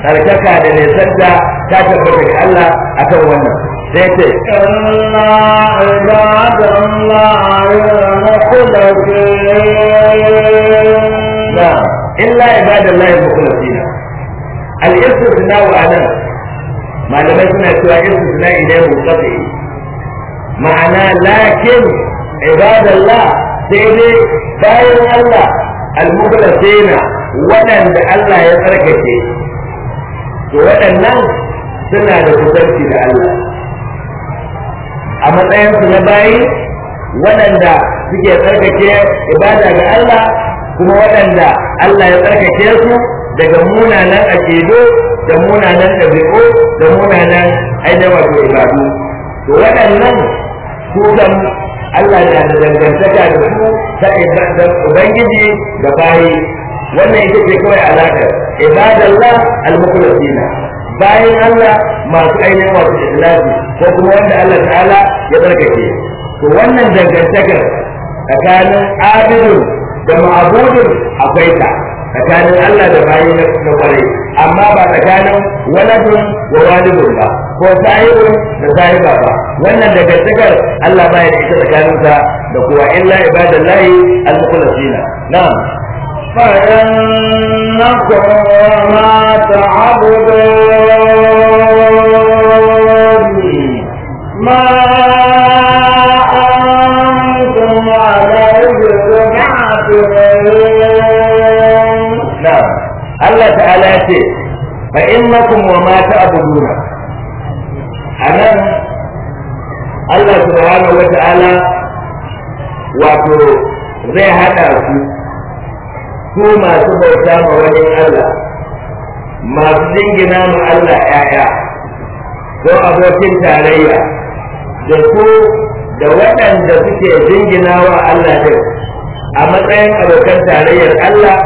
[SPEAKER 1] ɗa tsarkaka da nesanta
[SPEAKER 2] ta tabbata ga Allah akan wannan sai ce inna ibadallahi mukhlasin na
[SPEAKER 1] illa ibadallahi mukhlasin al-istisna wa anan malamai suna cewa istisna idan mutsafi ma'ana lakin ibadallah sai dai bayan Allah al-mukhlasin waɗanda Allah ya tsarkake to waɗannan suna da kusanci da Allah a matsayinsu na bayi waɗanda suke tsarkake ibada ga Allah kuma waɗanda Allah ya tsarkake su daga munanan akido da munanan ɗabi'u da munanan ainihin wato ibadu to waɗannan su Allah na da dangantaka da su ta ubangiji da bayi wannan ita ce kawai alaka ibadallah al bayan Allah masu ainihin masu ikhlasi ko kuma wanda Allah ta'ala ya barkake to wannan dangantakar tsakanin abidun da ma'abudin akwai ta tsakanin Allah da bayi na kware, amma ba tsakanin waladun wa walidun ba ko sahibun da sahiba ba wannan daga cikar Allah baya da ita tsakaninsa da kuwa illa ibadallahi al na'am
[SPEAKER 2] فإنكم وما تعبدون ما أنتم عليه بمعتبرين
[SPEAKER 1] نعم الله تعالى فإنكم وما تعبدون أنا Allah سبحانه وتعالى ta'ala wato هذا su masu bauta ma wani Allah masu jingina ma Allah ‘ya'ya ko abokin tarayya da su da waɗanda suke jingina wa Allah din a matsayin abokan tarayyar Allah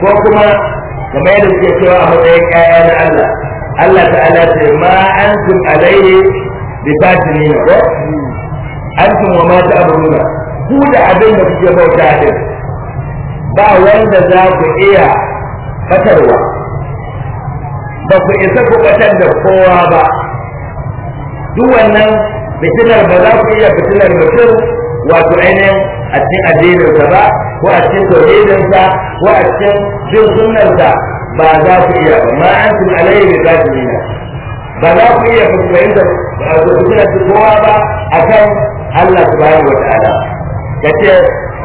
[SPEAKER 1] ko kuma kamar yadda suke cewa a matsayin ‘ya'ya na Allah Allah ta'ala ce ma an tun alaihi bi fatimina ko an tun wa mata abu ku da abin da kuke bauta din ba wanda za ku iya fatarwa ba ku isa ku fatar da kowa ba duk wannan fitilar ba za ku iya fitilar mutum wato ainihin a cikin addininsa ba ko a cikin tauhidinsa ko a cikin bin sunnarsa ba za ku iya ba ma an tun alayhi bi zalimina ba za ku iya da fuskantar fitilar kowa ba akan Allah subhanahu wa ta'ala kace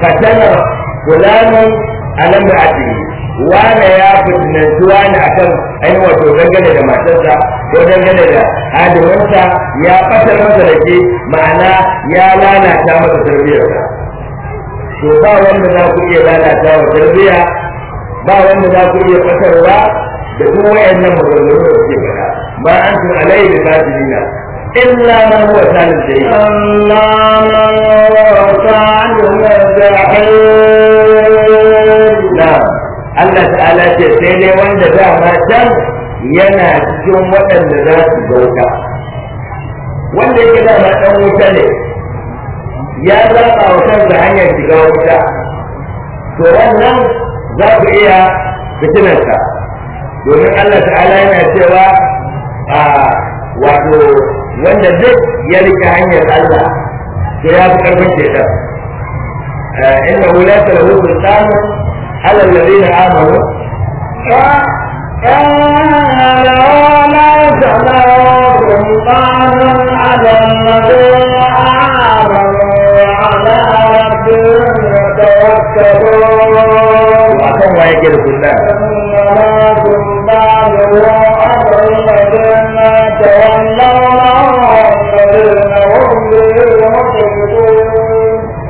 [SPEAKER 1] fatanar fulanin alam da asiri wane ya fi fitinanci a akan ainihin wato dangane da matarsa ko dangane da adiminsa ya fatar masa da ke ma'ana ya lalata masa tarbiyyarsa to ba wanda za ku iya lalata wa tarbiyya ba wanda za ku iya fatarwa da kuma nan maganganu da suke gada, ba an tun alai da kafirina إلا من هو ثالث إلا من
[SPEAKER 2] da ثالث جحيم
[SPEAKER 1] Allah ta'ala ce sai dai wanda za ma can yana cikin waɗanda za su bauta wanda yake da ma ɗan wuta ne ya zaɓa wa kansa hanyar shiga wuta to wannan za ku iya fitinarsa domin Allah ta'ala yana cewa a wato wanda duk ya rike hanyar Allah to ya fi ƙarfin shekar eh, inna wula ta lahu على الذين
[SPEAKER 2] آمنوا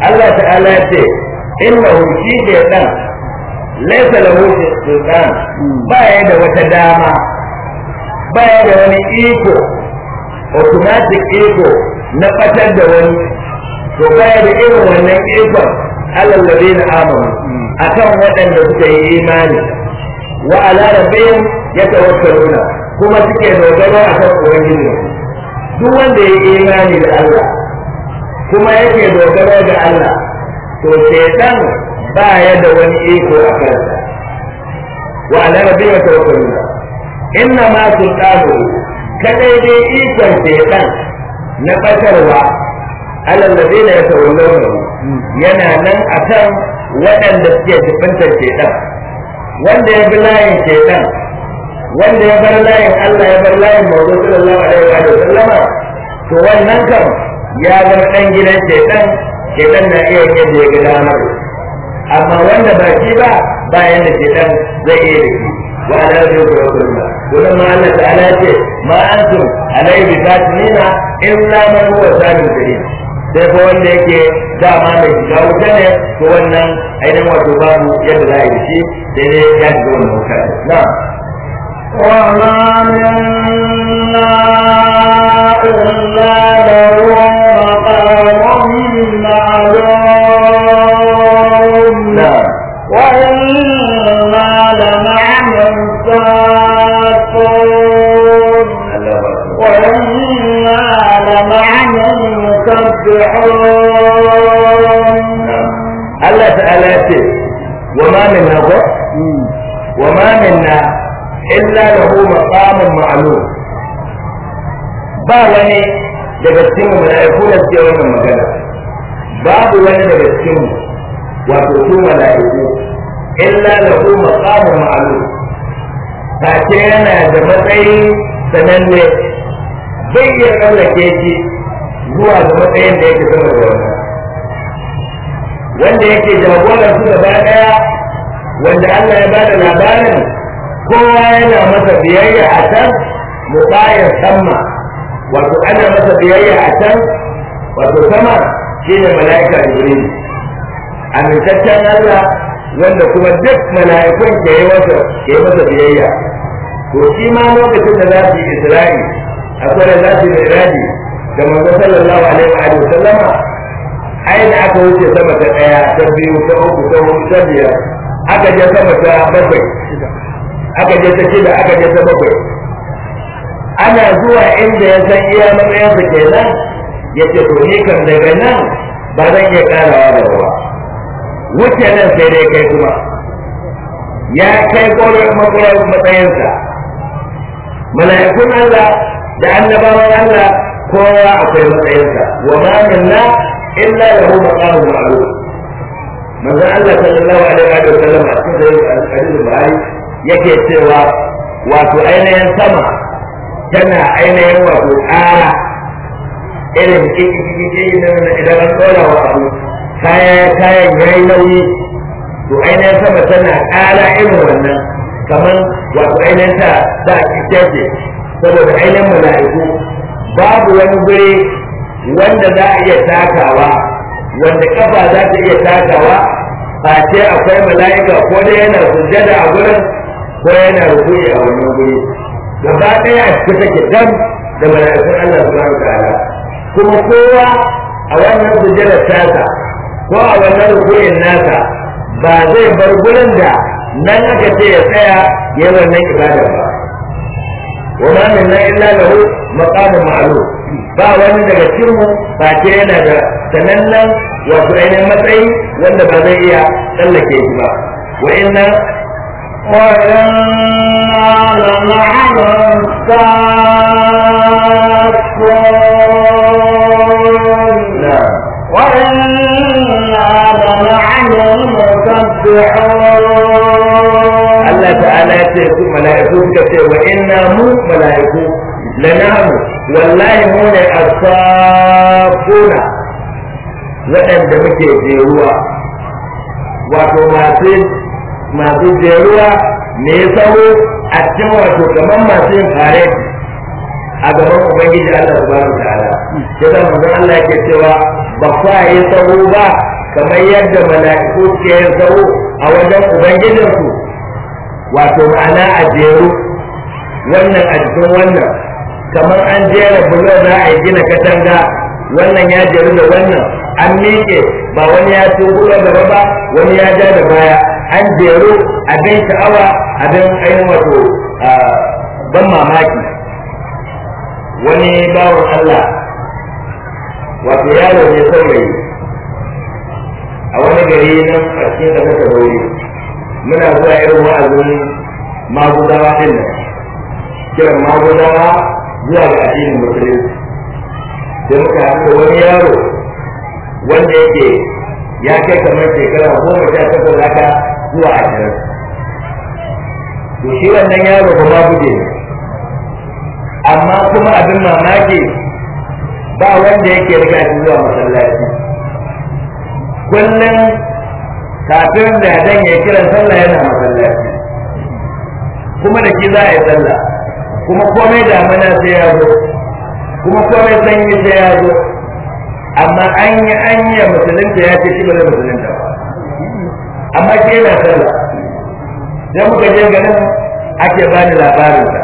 [SPEAKER 1] Allah ta'ala ce, "Inna hulki ne ɗan laisa lahu sultan ba da wata dama ba ya da wani iko automatic iko na fatar da wani to ba da irin wannan iko alal ladina amanu akan waɗanda suka yi imani wa ala rabbihim yatawakkaluna kuma suke dogaro akan ubangiji duk wanda ya yi imani da Allah kuma yake dogaro da Allah to shaitan ba ya da wani iko a kansa wa ala rabbika tawakkal inna ma sultanu kadai dai ikon shaytan na batarwa alal ladina yatawallawna yana nan akan waɗanda suke jibantar shaytan wanda ya bi layin shaytan wanda ya bar layin Allah ya bar layin Mawdu sallallahu alaihi wa sallama to wannan kan ya bar dan gidan shaytan shaytan na iya yadda ya ga damar amma wanda ba shi ba bayan da dan zai iya da shi wa ala da yau da domin ma Allah ala ce ma antum alai bi nina illa man huwa zalim jahim sai ko wanda yake dama mai shiga wuta ne ko wannan aidan wato babu yadda za a yi da shi sai ne ya shiga wannan wuta wa
[SPEAKER 2] وما منا إلا ya لنعم الصافون وإنا لنعم المسبحون الله
[SPEAKER 1] تعالى وما منا وما منا إلا له مقام معلوم ba wani daga cikin mala'iku da suke wannan magana babu wani daga cikin wato su mala'iku illa lahu maqamun ma'lum ta ce yana da matsayi sananne zai iya tsallake shi zuwa ga matsayin da yake zama da wannan wanda yake jagoran su gaba daya wanda Allah ya ba da labarin kowa yana masa biyayya a can mubayar sama wato ana masa biyayya a can wato sama shine mala'ika jibril amintaccen Allah wanda kuma duk mala'ikun ke yi masa ke yi masa biyayya to shi ma lokacin da za su yi isra'i akwai da za su yi iradi da manzo sallallahu alaihi wa alihi sallama ai da aka wuce sama ta daya ta biyu ta uku ta huɗu ta biyar aka je sama ta bakwai aka je ta shida aka je ta bakwai ana zuwa inda ya san iya su kenan ya ce to ni kan daga nan ba zan iya karawa da ruwa wuce nan sai dai kai kuma ya kai kolar makular matsayinsa mala'ikun Allah da annabawan Allah kowa akwai matsayinsa wa ma minna illa lahu maqamun ma'ruf manzo Allah sallallahu alaihi wa sallam a cikin hadisin bai yake cewa wato ainihin sama tana ainihin wato ƙara irin kiki kiki idan an tsora wa abu kaya kayan yayi nauyi to ainihin sama tana ƙara irin wannan kamar wato ainihin ta za a kike saboda ainihin mala'iku babu wani guri wanda za a iya takawa wanda kafa za ta iya takawa ba ce akwai mala'ika ko dai yana sujjada a gurin ko yana rubuce a wannan guri gaba ɗaya a cikin take dam da mala'ikun Allah subhanahu wa ta'ala kuma kowa a wannan sujjadar tasa ko a wannan rukunin nasa ba zai bar gurin da nan aka ce ya tsaya ya wannan ibada ba wa ma min na illa lahu maqamun ma'lum ba wani daga cikin ba ce yana da sanannen wato ainihin matsayi wanda ba zai iya tsallake shi ba wa inna
[SPEAKER 2] وإنا لنحن ya ce su يسبحون الله تعالى
[SPEAKER 1] يقول ملائكه كتير وإنا مو ملائكه لنعم والله هنا الصافون waɗanda muke jeruwa wato masu masu jeruwa me ya samu a cikin wato kamar masu yin fare a gaban ubangiji Allah subhanahu wa ta'ala ya zama Allah yake cewa ba fa yi sauro ba kamar yadda mala'iku ke zau a wajen ubangijinsu wato ma'ana a jeru wannan a jikin wannan kamar an jera bulo za a yi gina katanga wannan ya jeru da wannan an miƙe ba wani ya ci tungula gaba ba wani ya ja da baya an jeru abin sha'awa abin ainihin wato ban mamaki wani bawan Allah wato yaro ne saurayi a wani gari nan a cikin da muka zaure muna zuwa irin wa'azin magudawa ɗin nan kiran magudawa zuwa ga addinin musulunci sai muka haɗu wani yaro wanda yake ya kai kamar shekara goma sha takwas haka zuwa ashirin to shi wannan yaro ba ma guje ne amma kuma abin mamaki ba wanda yake riga shi zuwa masallaci kullum kafin da ya ya kiran, sallah yana masallaci kuma da shi za a yi sallah kuma komai damana sai ya zo kuma komai sanyi sai ya zo amma an yi an yi musulunta ya ce shi ba zai musulunta ba amma shi yana sallah sai muka je ganin ake bani labarinsa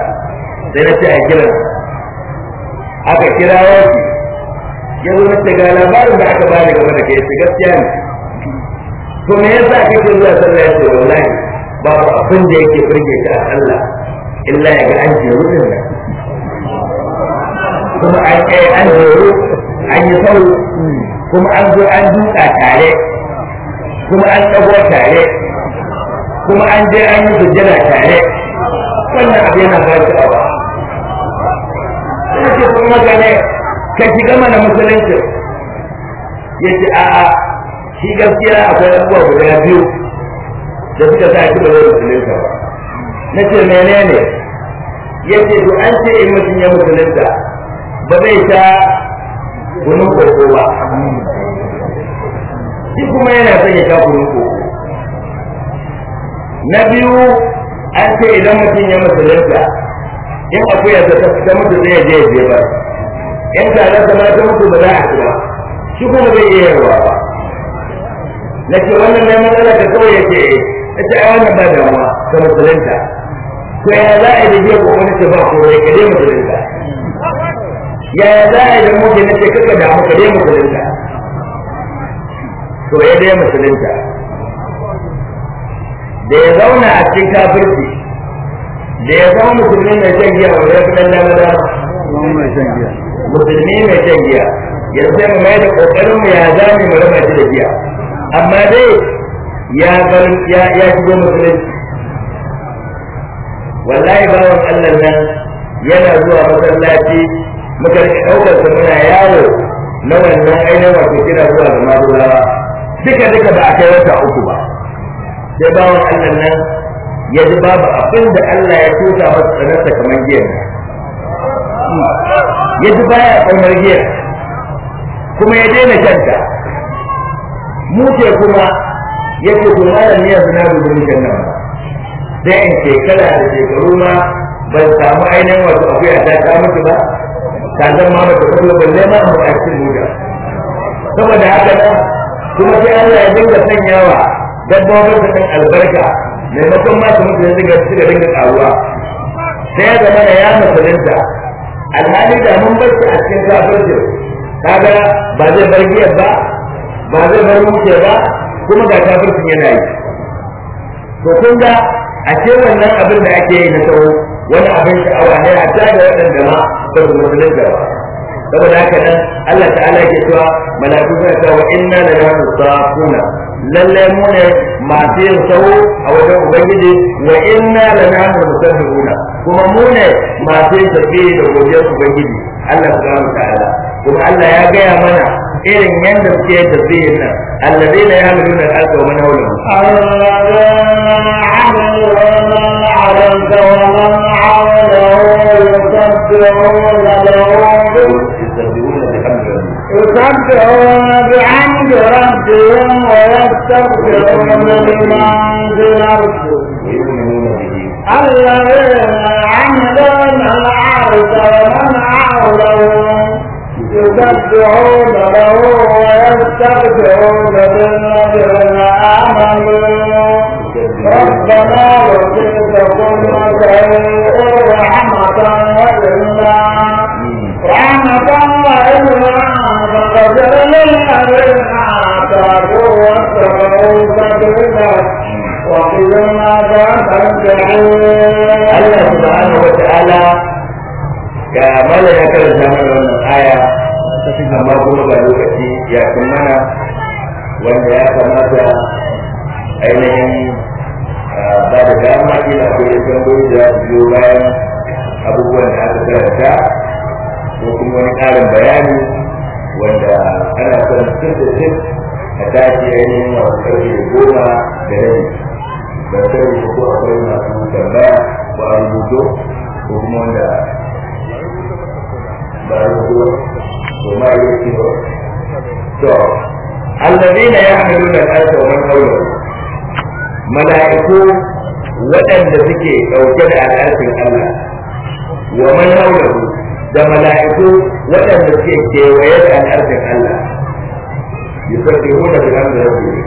[SPEAKER 1] sai na ce a kiran aka kira wasu ya zo na ga labarin da aka bani game da kai ce gaskiya ne to me yasa kake zuwa sallah yace wallahi babu abin da yake burge shi a sallah illa ya ga an je wurin da. kuma an kai an zo an yi sauri kuma an zo an duka tare kuma an dago tare kuma an je an yi sujjada tare wannan abu yana ba shi awa sai ce kuma mutane ka shiga mana musulunci ya ce a'a shi gaskiya akwai abubuwa guda biyu da suka sa shi ba zai musulunta ba na ce menene ya ce to an ce in mutum ya musulunta ba zai sha kunun koko ba shi kuma yana son ya sha kunun koko na biyu an ce idan mutum ya musulunta in akuya ta mutu zai je ya je ba yan taron da ta mutu ba za a ci ba shi kuma bai iya yarwa ba na ce wannan mai matsala ta kawai ya ce ce a wannan ba damuwa ka musulunta ko ya za a yi da biya ko wani ce ba ko ya ka dai musulunta ya za a yi da muke na ce kaka damu ka dai musulunta to ya dai musulunta da ya zauna a cikin kafirci da ya zama musulmi mai shan giya wanda ya fi ɗan dama dama musulmi mai shan giya ya sai mu mai da kokarin mu ya zame mu raba shi da giya amma dai ya bar ya ya shigo musulunci wallahi bawan Allah nan yana zuwa masallaci muka daukar sa muna yawo na wannan ainihin wato kira zuwa ga magudawa duka duka ba a kai wata uku ba sai bawan Allah nan ya ji babu abin da Allah ya tuta masa tsanarsa kamar giya ya ji baya kaunar giyar kuma ya daina shanta mu ke kuma ya ce kuma ana niyyar suna da zurin nan da in shekara da shekaru ma ban samu ainihin wasu akwai ta ta mutu ba ta zama ba ta kullu balle ma mu a cikin muda saboda haka nan kuma sai Allah ya dinga sanyawa dabbobin da kan albarka maimakon ma su mutu ya dinga su dinga karuwa sai ya zama ya musulunta alhali da mun bar shi a cikin kafircin kaga ba zai bar giyar ba ba zai bar wuce ba kuma ga kafircin yana yi to kun ga a ce wannan abin da ake yi na tsawo wani abin sha'awa ne a ta da waɗanda ma ba su murmurin da ba saboda haka nan Allah ta'ala ke cewa mala'iku suna cewa inna la nahnu safuna lallai mu ne masu yin tsawo a wajen ubangiji wa inna la nahnu musabbihuna kuma mu ne masu yin tasbihi da godiyar bangiji Allah subhanahu ta'ala kuma Allah ya gaya mana irin yadda suke yin tasbihin nan alladheena ya'maluna al-arda wa man hawlaha
[SPEAKER 2] alladheena ya'maluna al wa man hawlaha يسبحون بحمد ربهم ويستغفرون لمن في الأرض الذين عملوا العرض ومن عرضه يسبحون له ويستغفرون للذين آمنوا ربنا وسعت كل شيء رحمة وإلا رحمة وإلا فاغفر للذين آتوا واتقوا سبيله Allah عذاب ya الله سبحانه وتعالى يا ماذا
[SPEAKER 1] يكره الزمن من الآية أما كما قالوا يا كمنا وأن يا كماتا ainihin ah, ba da dama ila akwai tambayoyi da biyo bayan abubuwan da aka karanta ko kuma wani karin bayani wanda ana son sirda sirda a tashi ainihin wasu ƙarfe goma da rabi da wata ko akwai masu tambaya ba a rubuto ko kuma wanda ba a rubuto ko ma yi ba to allazina yahmiluna al-arsa wa man hawlahu mala'iku waɗanda suke ɗauke da al'arfin Allah wa man hawlahu da mala'iku waɗanda suke kewaye da al'arfin Allah yusabbihuna bi hamdi rabbihim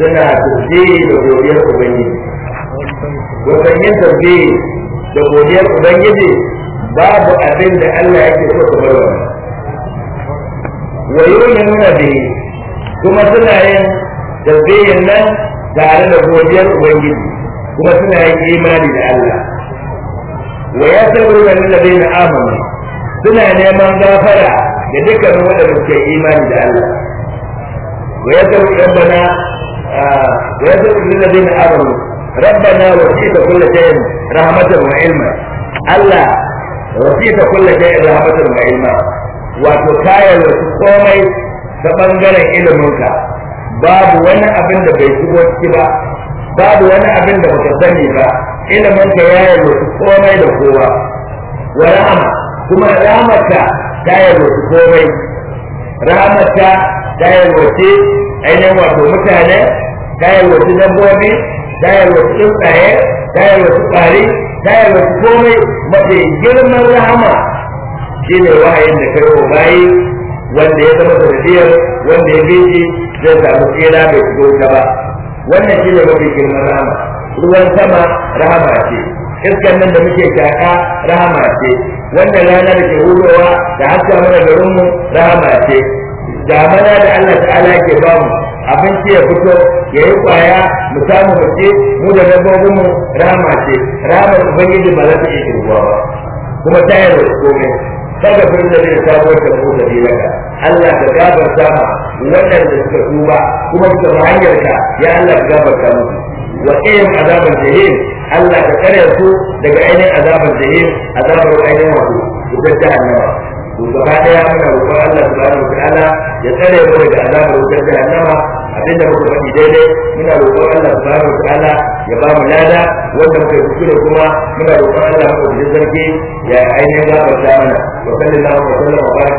[SPEAKER 1] suna tafiye da godiyar ubangiji wasannin tafiye da godiyar ubangiji babu abin da Allah yake so su bar wa nuna bihi kuma suna yin tafiye nan tare da godiyar ubangiji kuma suna yin imani da Allah wa da bai na amanu suna neman gafara da dukkan waɗanda suke imani da Allah wa bana ويدعو للذين آمنوا ربنا وسعت كل شيء رحمة وعلما الله وسعت كل شيء رحمة وعلما wato kayan wasu komai ta ɓangaren iliminka babu wani abin da bai shigo ciki ba babu wani abin da baka sani ba iliminka ya yi wasu komai da kowa wa kuma rahamarka ta yi wasu komai rahamarka ta yi wasu wato mutane dayar wasu dabbobi dayar wasu tsuntsaye dayar wasu ƙwari wasu komai mafi girman rahama shi ne wahayin da kai wa bayi wanda ya zama sarfiyar wanda ya bishi zai samu tsira bai shigo ta ba wannan shi ne mafi girman rahama ruwan sama rahama ce iskan nan da muke shaƙa rahama ce wannan rana da ke hudowa da haska mana garinmu rahama ce damana da Allah ta'ala ke bamu abinci ya fito ya yi kwaya mu samu mace mu da dabbobin mu rama ce ramar ubangiji ba za ta iya kirguwa ba kuma ta yi komai daga firin da zai sabuwar da ko da laka Allah ka gabarta ma waɗanda suka tuba kuma suka ba hanyar ka ya Allah ka gabarta musu wa qihim azaban jahim Allah ka kare su daga ainihin azaban jahim azabar ainihin wato da jahannama gaba daya muna roƙon Allah subhanahu wataala ya tsare mu daga azabar wutar jahannama abin da muka faɗi daidai muna roƙon Allah subhanahu wataala ya ba mu lada wanda muka yi kuskure kuma muna roƙon Allah mu da zargi ya ainihin gafarta mana
[SPEAKER 3] wa sallallahu alaihi wa sallam